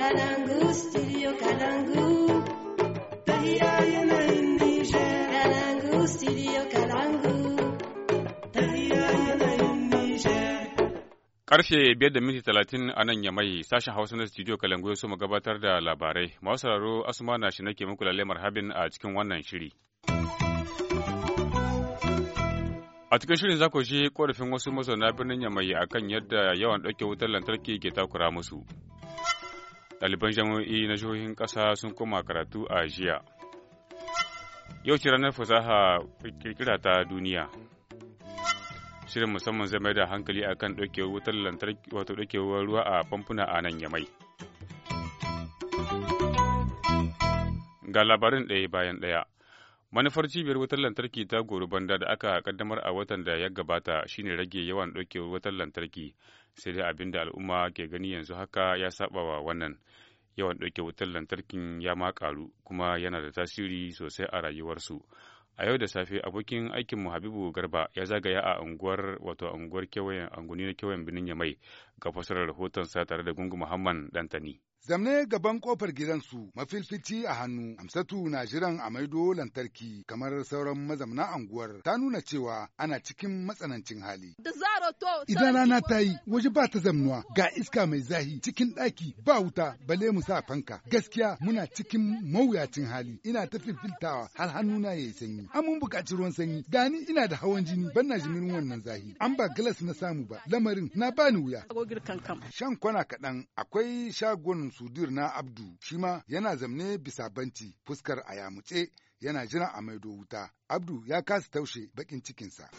Kalangu, studio Kalangu. Kalangu, studio Kalangu. Karfe biyar da minti talatin a nan ya mai sashen Hausa na studio Kalangu ya so gabatar da labarai. Masu sauraro Asuma na shi nake muku lalle marhabin a cikin wannan shiri. A cikin shirin za ku shi korafin wasu mazauna birnin Yamai akan yadda yawan ɗauke wutar lantarki ke takura musu. Ɗaliban jami'o'i na jihohin ƙasa sun koma karatu a jiya. Yau ce ranar fasaha kirkira ta duniya. Shirin musamman zai mai da hankali akan ɗaukewar wutar lantarki wato ɗaukewar ruwa a famfuna a nan yamai. Ga labarin ɗaya bayan ɗaya. Manufar cibiyar wutar lantarki ta Goro Banda da aka kaddamar a watan da ya gabata shine rage yawan ɗaukewar wutar lantarki sai dai abin da al'umma ke gani yanzu haka ya saba wa wannan yawan ɗauke wutar lantarkin ya ma ƙaru kuma yana da tasiri sosai a rayuwarsu a yau da safe abokin aikinmu habibu garba ya zagaya a unguwar wato unguwar kewayen anguni na kewayen birnin yamai ga fasarar rahotonsa tare da gungu muhammad dantani Zamne gaban kofar gidansu mafilfici a hannu, Amsatu na jiran a maido lantarki kamar sauran mazamna anguwar ta nuna cewa ana cikin matsanancin hali. Idan rana ta yi waje ba ta zamnuwa ga iska mai zahi cikin ɗaki ba wuta bale mu sa fanka. Gaskiya muna cikin mawuyacin hali ina ta filfiltawa har hannuna ya yi sanyi. An mun buƙaci ruwan sanyi gani ina da hawan jini ban na jimin wannan zahi. An ba galas na samu ba lamarin na bani wuya. Shan kwana kaɗan akwai shagon sudir na Abdu shi ma yana zamne bisa banci fuskar a yamutse yana jira a maido wuta. Abdu ya kasa taushe bakin cikinsa.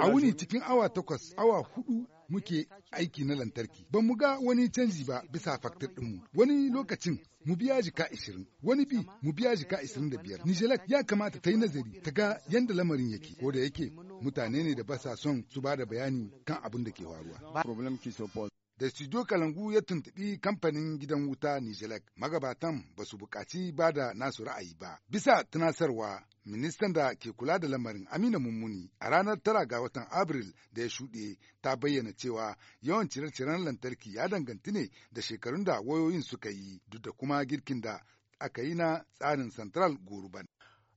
A wuni cikin awa takwas, awa hudu muke aiki na lantarki. Ban mu ga wani canji ba bisa faktir ɗinmu. Wani lokacin mu biya jika ishirin, wani bi mu biya jika ishirin da biyar. Nijelak ya kamata ta yi nazari ta ga yadda lamarin yake. Ko da yake mutane ne da basa son su ba da bayani kan abin da ke faruwa. da studio kalangu ya tuntuɓi kamfanin gidan wuta nijelek magabatan ba su buƙaci ba da nasu ra'ayi ba bisa tunasarwa ministan da ke kula da lamarin amina mummuni a ranar tara ga watan abril da ya shuɗe ta bayyana cewa yawan cire-ciren lantarki ya danganti ne da shekarun da wayoyin suka yi duk da kuma girkin da aka yi na tsarin central goruban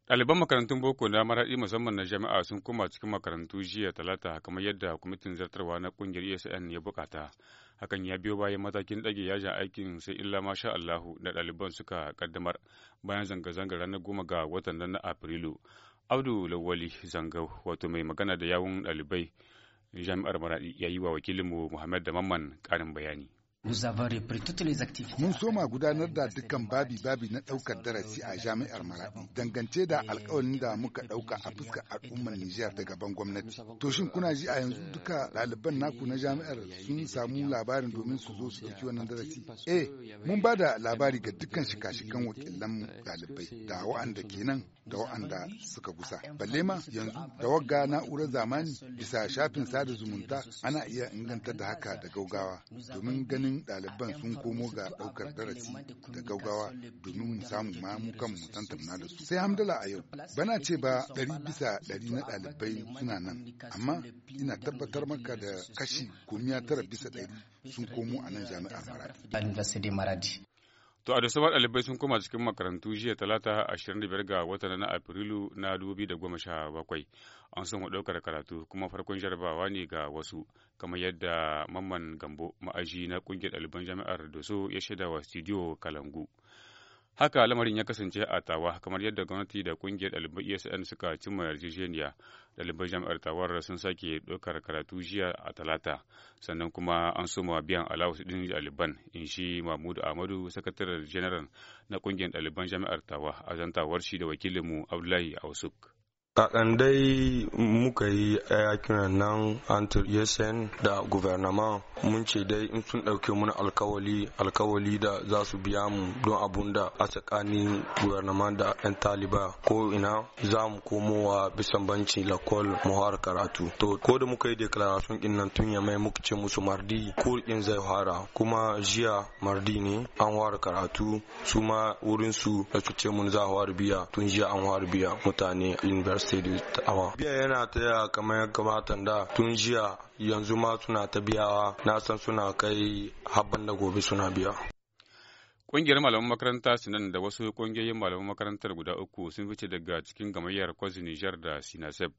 Ɗaliban makarantun boko na maraɗi musamman na jami'a sun koma cikin makarantu jiya talata kamar yadda kwamitin zartarwa na ƙungiyar ESN ya bukata. hakan ya biyo bayan matakin ɗage yajin aikin sai illa masha Allahu da ɗaliban suka kaddamar bayan zanga-zanga ranar goma ga watan nan na Afrilu. Abdu Lawali zanga wato mai magana da yawun ɗalibai jami'ar Maradi ya yi wa wakilinmu Muhammad da Mamman ƙarin bayani. Mun soma gudanar da dukkan babi-babi na ɗaukar darasi a jami'ar Maraɗi dangance da alkawarin da muka ɗauka a fuskar al'ummar Nijar daga ban gwamnati. To shin kuna ji a yanzu duka euh, ɗaliban naku na jami'ar sun samu labarin domin su zo su ɗauki wannan darasi? Eh, mun ba da labari ga dukkan shika-shikan wakilan euh, ɗalibai da wa'anda kenan da wa'anda suka gusa. Balle ma yanzu da wagga na'urar zamani bisa shafin sada zumunta ana iya inganta da haka da gaugawa domin ganin ganin ɗaliban sun komo ga ɗaukar darasi da gaugawa domin mu samu ma mu kan tantamna da su sai hamdala a yau bana ce ba ɗari bisa ɗari na ɗalibai suna nan amma ina tabbatar maka da kashi komiya tara bisa ɗari sun komo a nan jami'ar maradi To a da sabar ɗalibai sun koma cikin makarantu jiya talata 25 ga watan na Afrilu na bakwai an soma ɗaukar karatu kuma farkon jarabawa ne ga wasu kamar yadda Mamman Gambo ma'aji na ƙungiyar ɗaliban jami'ar Doso ya shaidawa wa studio Kalangu. Haka lamarin ya kasance a Tawa kamar yadda gwamnati da kungiyar ɗalibai ESN suka cimma yarjejeniya. Ɗalibai jami'ar Tawar sun sake ɗaukar karatu jiya a Talata, sannan kuma an soma biyan alawus ɗin ɗaliban, in shi Mahmud Ahmadu, sakataren general na kungiyar ɗaliban jami'ar Tawa a zantawar shi da wakilinmu Abdullahi Ausuk. kakan dai muka yi yakin nan antar da guvernama mun ce dai in sun ɗauke muna alkawali alkawali da za su biya mu don abun da a tsakanin guvernama da 'yan taliba ko ina za mu komowa bisan banci lakol muhar karatu to ko da muka yi declaration din nan tun ya mai muka ce musu mardi ko in zai fara kuma jiya mardi ne an fara karatu su ma wurin su da su ce mun za a biya tun jiya an fara biya mutane university stadium awa. biya yana taya kamar ya kamata da tun jiya yanzu ma suna ta biyawa na san suna kai habban da gobe suna biya Ƙungiyar malaman makaranta Sinan da wasu ƙungiyoyin malaman makarantar guda uku sun fice daga cikin gamayyar Kwazi Nijar da Sinasef.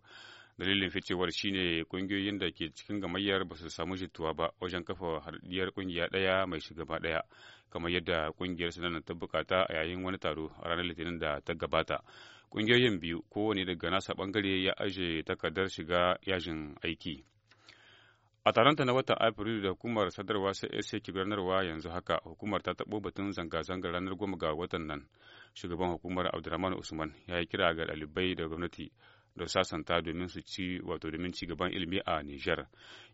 dalilin ficewar shine kungiyoyin da ke cikin gamayyar ba su samu jituwa ba wajen kafa haɗiyar kungiya daya mai shugaba ɗaya kamar yadda kungiyar sunan ta bukata a yayin wani taro a ranar litinin da ta gabata kungiyoyin biyu kowane daga nasa bangare ya aje takardar shiga yajin aiki a taronta na watan afrilu da hukumar sadarwa sai ke gudanarwa yanzu haka hukumar ta taɓo batun zanga-zangar ranar goma ga watan nan shugaban hukumar abdulrahman usman ya yi kira ga ɗalibai da gwamnati don sasanta domin su ci wato domin ci gaban ilimi a Nijar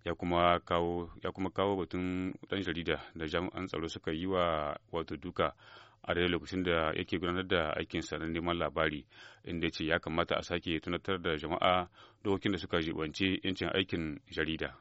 ya kuma kawo ya kuma kawo batun dan jarida da jami'an tsaro suka yi wa wato duka a daidai lokacin da yake gudanar da aikin sa na neman labari inda ce ya kamata a sake tunatar da jama'a dokokin da suka jibance yancin aikin jarida.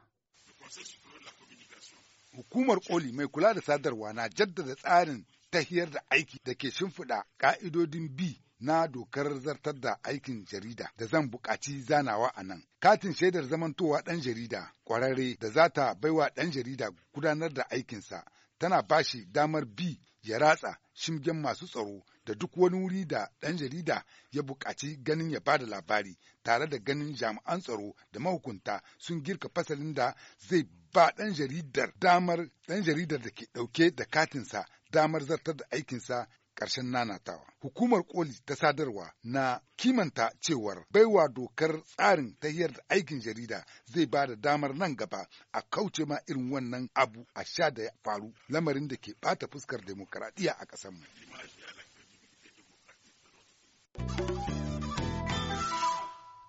Hukumar koli mai kula da sadarwa na jaddada tsarin tahiyar da aiki da ke shimfiɗa ƙa'idodin bi na dokar zartar da aikin jarida da zan buƙaci zanawa a nan. Katin shaidar zamantowa ɗan jarida ƙwararre da za ta baiwa ɗan jarida gudanar da aikinsa tana bashi damar bi ya ratsa shimgen masu tsaro da duk wani wuri da ɗan jarida ya buƙaci ganin ya bada labari tare da ganin jami'an tsaro da mahukunta sun girka fasalin da zai ba ɗan jaridar damar ɗan jaridar da ke ɗauke da katinsa damar zartar da aikinsa ƙarshen nanatawa. Hukumar koli ta sadarwa na kimanta cewar baiwa dokar tsarin tahiyar da aikin jarida zai ba da damar nan gaba a kauce ma irin wannan abu a sha da ya faru lamarin da ke bata fuskar demokaradiyya a mu.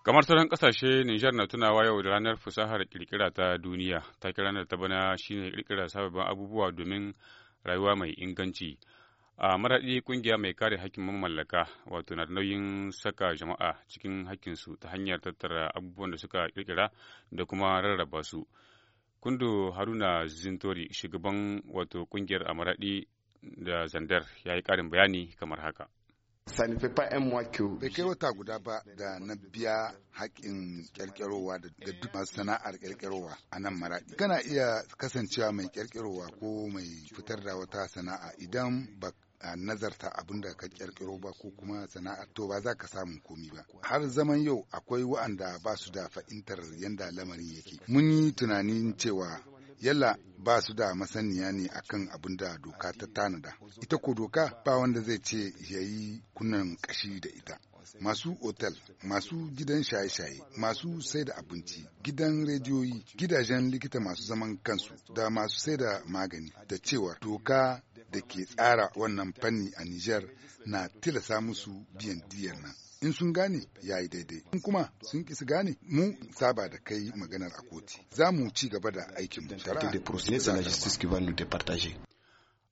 kamar sauran kasashe nijar na tunawa yau da ranar fasahar kirkira ta duniya ta kiranar ta bana shine kirkira sababbin abubuwa domin rayuwa mai inganci a maraɗi ƙungiya mai kare hakkin mamallaka wato na da nauyin saka jama'a cikin hakkinsu ta hanyar tattara abubuwan da suka ƙirƙira da kuma rarraba su kundo haruna zintori shugaban wato ƙungiyar a maraɗi da zandar ya yi ƙarin bayani kamar haka 'yan Bai kai wata guda ba da na biya haƙƙin ƙirƙirowa da duk masu sana'ar ƙirƙirowa a nan maraɗi. Kana iya kasancewa mai ƙirƙirowa ko mai fitar da wata sana'a idan ba a nazarta abin da ka kirkiro ba ko kuma sana'ar to ba za ka samu komi ba har zaman yau akwai wa'anda ba su da fahimtar yadda lamarin yake mun yi tunanin cewa yalla ba su da masaniya ne akan abin da doka ta tanada ita ko doka ba wanda zai ce ya yi kunan kashi da ita masu otal masu gidan shaye-shaye masu sai da abinci gidan rediyoyi gidajen likita masu zaman kansu da masu sai da magani da cewa doka da ke tsara wannan fanni a niger na tilasa musu biyan diyar nan in sun gane ya yi daidai in kuma sun kisa gane mu saba da kai maganar a koti za mu ci gaba da aikin mu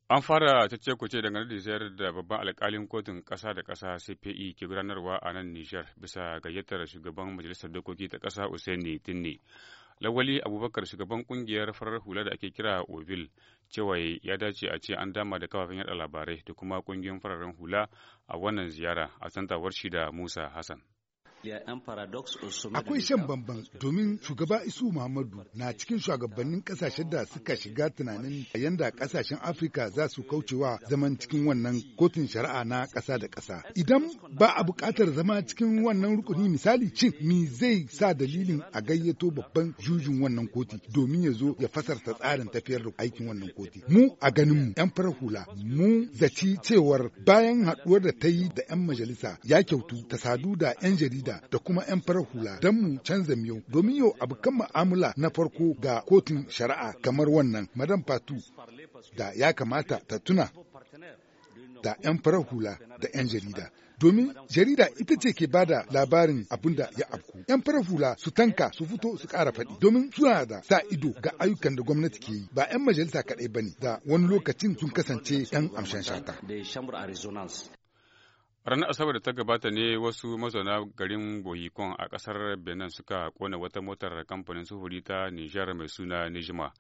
an fara cece kuce dangane da da babban alkalin kotun kasa da kasa cpe ke gudanarwa a nan nijar bisa gayyatar shugaban majalisar dokoki ta kasa usaini tinne Lawali Abubakar shugaban kungiyar farar hula da ake kira Ovil cewa ya dace a ce an dama da kafafen yada labarai da kuma kungiyar fararen hula a wannan ziyara a santawar shi da Musa Hassan. Akwai shan bamban domin shugaba Isu Muhammadu na cikin shugabannin kasashen da suka shiga tunanin yanda kasashen Afirka za su kaucewa zaman cikin wannan kotun shari'a na ƙasa da ƙasa. Idan ba a buƙatar zama cikin wannan rukuni misali cin mi zai sa dalilin a gayyato babban jujin wannan koti domin ya zo ya fasarta tsarin tafiyar da aikin wannan koti. Mu a ganin mu 'yan farar hula mu zaci cewar bayan haɗuwar da ta yi da 'yan majalisa ya kyautu ta sadu da 'yan jarida hula da kuma 'yan farar hula don mu canza miyau domin yau abu kan mu'amala na farko ga kotun shari'a kamar wannan madam fatu da ya kamata ta tuna da 'yan farar hula da 'yan jarida domin jarida ita ce ke bada labarin abin da ya afku. 'Yan farar hula su tanka su fito su kara faɗi domin suna da sa ido ga ayyukan da gwamnati ke yi ba 'yan majalisa kaɗai ba ne da wani lokacin sun kasance 'yan amshan shata. Ranar Asabar da ta gabata ne wasu mazauna garin Bohikon a kasar Benin suka kona wata motar kamfanin sufuri ta Nijar mai suna Nijima.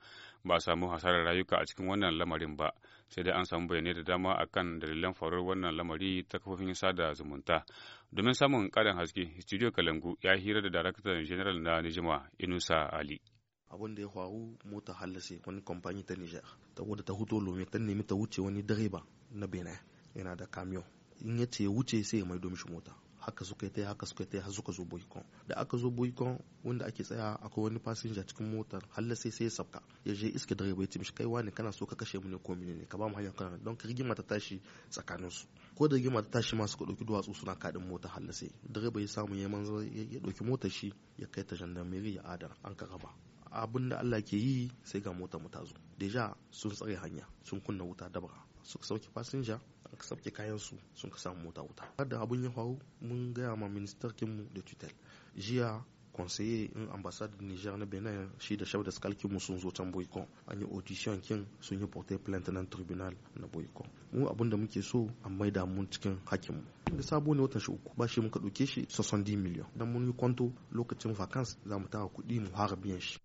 Ba samu hasarar rayuka a cikin wannan lamarin ba, sai dai an samu bayanai da dama a kan dalilan faruwar wannan lamari ta kafofin sada zumunta. Domin samun karin haske, Studio Kalangu ya hira da Daraktan General na Nijima, Inusa Ali. abin da ya faru mota halasi wani kamfani ta Nijar ta wadda ta huto lome ta nemi ta wuce wani direba na Benin yana da kamiyon in ya ce ya wuce sai ya maido mishi mota haka suka ta haka suka ta har suka zo boycon da aka zo boycon wanda ake tsaya akwai wani fasinja cikin motar halla sai sai ya sabka ya je iska dareba ya ce mishi kai wani kana so ka kashe mu ne ko mene ne ka ba mu hanya kana don ka rigima ta tashi tsakanin su ko da rigima ta tashi ma suka dauki duwatsu suna kadin mota halla sai direba ya samu ya manzo ya dauki motar shi ya kai ta gendarmerie ya adana an ka raba abin da Allah ke yi sai ga mota mu ta zo deja sun tsare hanya sun kunna wuta dabara suka sauke fasinja aka sabke kayan su sun ka samu mota wuta har da abun ya faru mun gaya ma ministarkin mu da tutel jiya conseiller in ambassade niger na benin shi da chef skalkin mu sun zo can boycon an yi audition kin sun yi porter plainte nan tribunal na boycon mu abin da muke so a maida mun cikin hakkin mu da sabo ne watan shi uku ba shi muka dauke shi 70 million dan mun yi kwanto lokacin vacance za mu tara kuɗi mu fara biyan shi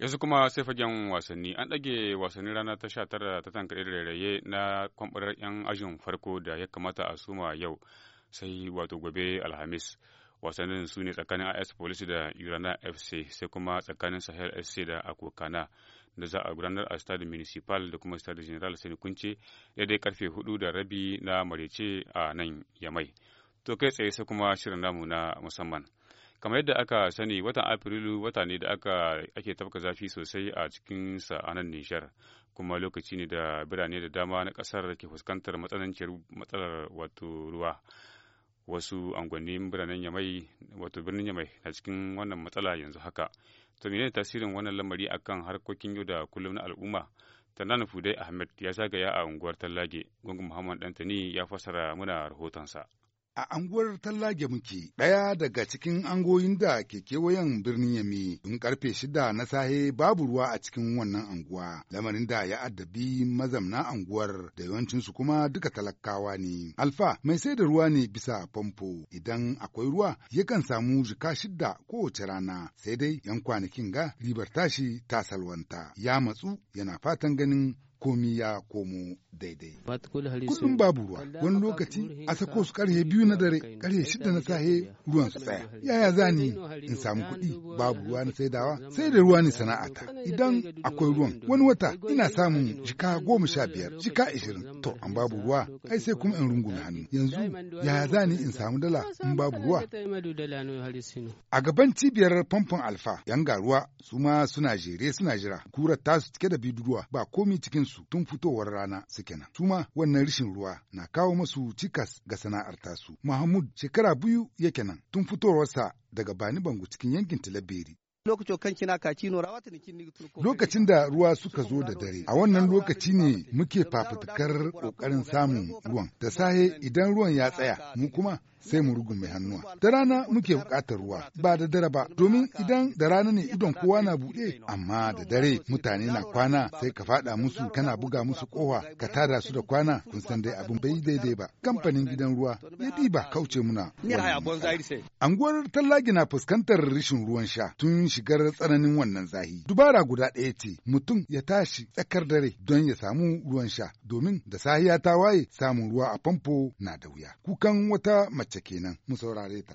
yanzu kuma sai fagen wasanni an ɗage wasannin rana ta sha tara ta tankare da rairaye na kwamɓarar 'yan ajin farko da ya kamata a suma yau sai wato gobe alhamis wasannin su ne tsakanin as police da urana fc sai kuma tsakanin sahel fc da akokana da za a gudanar a stade municipal da kuma stade general sani kunce daidai karfe hudu da rabi na marece a nan yamai to kai tsaye sai kuma shirin namu na musamman kamar yadda aka sani watan afrilu wata ne da aka ake tafka zafi sosai a cikin sa a nan nishar kuma lokaci ne da birane da dama na kasar ke fuskantar matsananciyar matsalar wato ruwa wasu angwani biranen yamai wato birnin yamai na cikin wannan matsala yanzu haka to ne tasirin wannan lamari akan harkokin yau da kullum na al'umma tanan fudai ahmed ya zagaya a unguwar tallage gungun muhammad dantani ya fassara muna rahotonsa. a anguwar tallage muke ɗaya daga cikin angoyin da ke kewayen birnin yami tun karfe shida na sahe babu ruwa a cikin wannan anguwa lamarin da ya addabi mazamna anguwar da yawancinsu kuma duka talakawa ne alfa mai sai da ruwa ne bisa famfo idan akwai ruwa yakan samu jika shida kowace rana sai dai yan kwanakin ga ribar tashi ta salwanta ya matsu yana fatan ganin komi ya komo daidai. Kudin babu ruwa, wani lokaci a sako su karhe biyu na dare, karhe shida na sahe ruwan su tsaya. Yaya za ni in samu kuɗi babu ruwa na saidawa? Sai da ruwa ni sana'ata. Idan akwai ruwan, wani wata ina samun jika goma sha biyar, jika ishirin. To, an babu ruwa, ai sai kuma in rungume hannu. Yanzu yaya za ni in samu dala in babu ruwa? A gaban cibiyar famfon alfa, yan garuwa su ma suna jere suna jira. Kurar tasu cike da bidiruwa ba komi cikin su tun fitowar rana suke nan. Suma wannan rishin ruwa na kawo masu cikas ga sana'ar tasu. Mahmud shekara biyu yake nan tun fitowarsa daga Bani Bango cikin yankin talabiri Lokacin da ruwa suka zo da dare, a wannan lokaci ne muke fafutukar ƙoƙarin samun ruwan. Da sahe idan ruwan ya tsaya, mu kuma sai mu mai hannuwa. Da rana muke bukatar ruwa ba da dare ba domin idan da rana ne idon kowa na buɗe amma da dare mutane na kwana sai ka faɗa musu kana buga musu kowa ka tada su da kwana kun san dai abin bai daidai ba kamfanin gidan ruwa ya ba kauce muna. Anguwar Tallagi na fuskantar rashin ruwan sha tun shigar tsananin wannan zahi. Dubara guda ɗaya ce mutum ya tashi tsakar dare don ya samu ruwan sha domin da sahiya ta waye samun ruwa a famfo na da wuya. Kukan wata mace mace kenan mu saurare ta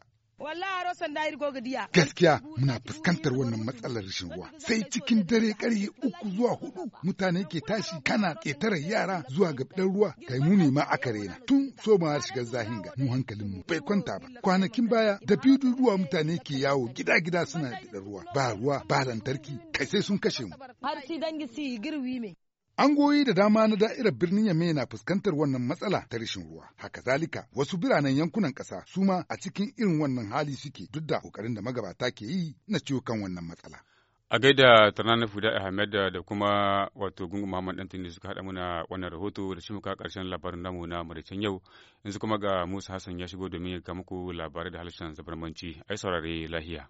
Gaskiya muna fuskantar wannan matsalar rashin ruwa. Sai cikin dare karye uku zuwa hudu mutane ke tashi kana ƙetare yara zuwa ga ɗan ruwa kai mu ne ma aka rena. Tun so har shiga zahinga mu hankalin mu bai kwanta ba. Kwanakin baya da bidu ruwa mutane ke yawo gida gida suna da ruwa. Ba ruwa ba lantarki kai sai sun kashe mu. Har dangi si girwi me. Angoyi da dama na da'irar birnin Yame na fuskantar wannan matsala ta rashin ruwa. Haka zalika wasu biranen yankunan ƙasa su ma a cikin irin wannan hali suke duk da kokarin da magabata ke yi na ciwo kan wannan matsala. A gaida Tanana Fuda Ahmed da kuma wato Gungun Muhammad Dantin da suka haɗa muna wannan rahoto da shi muka ƙarshen labarin namu na maraicen yau. Yanzu kuma ga Musa Hassan ya shigo domin ya ga muku labarai da harshen zabarmanci. Ai saurare lahiya.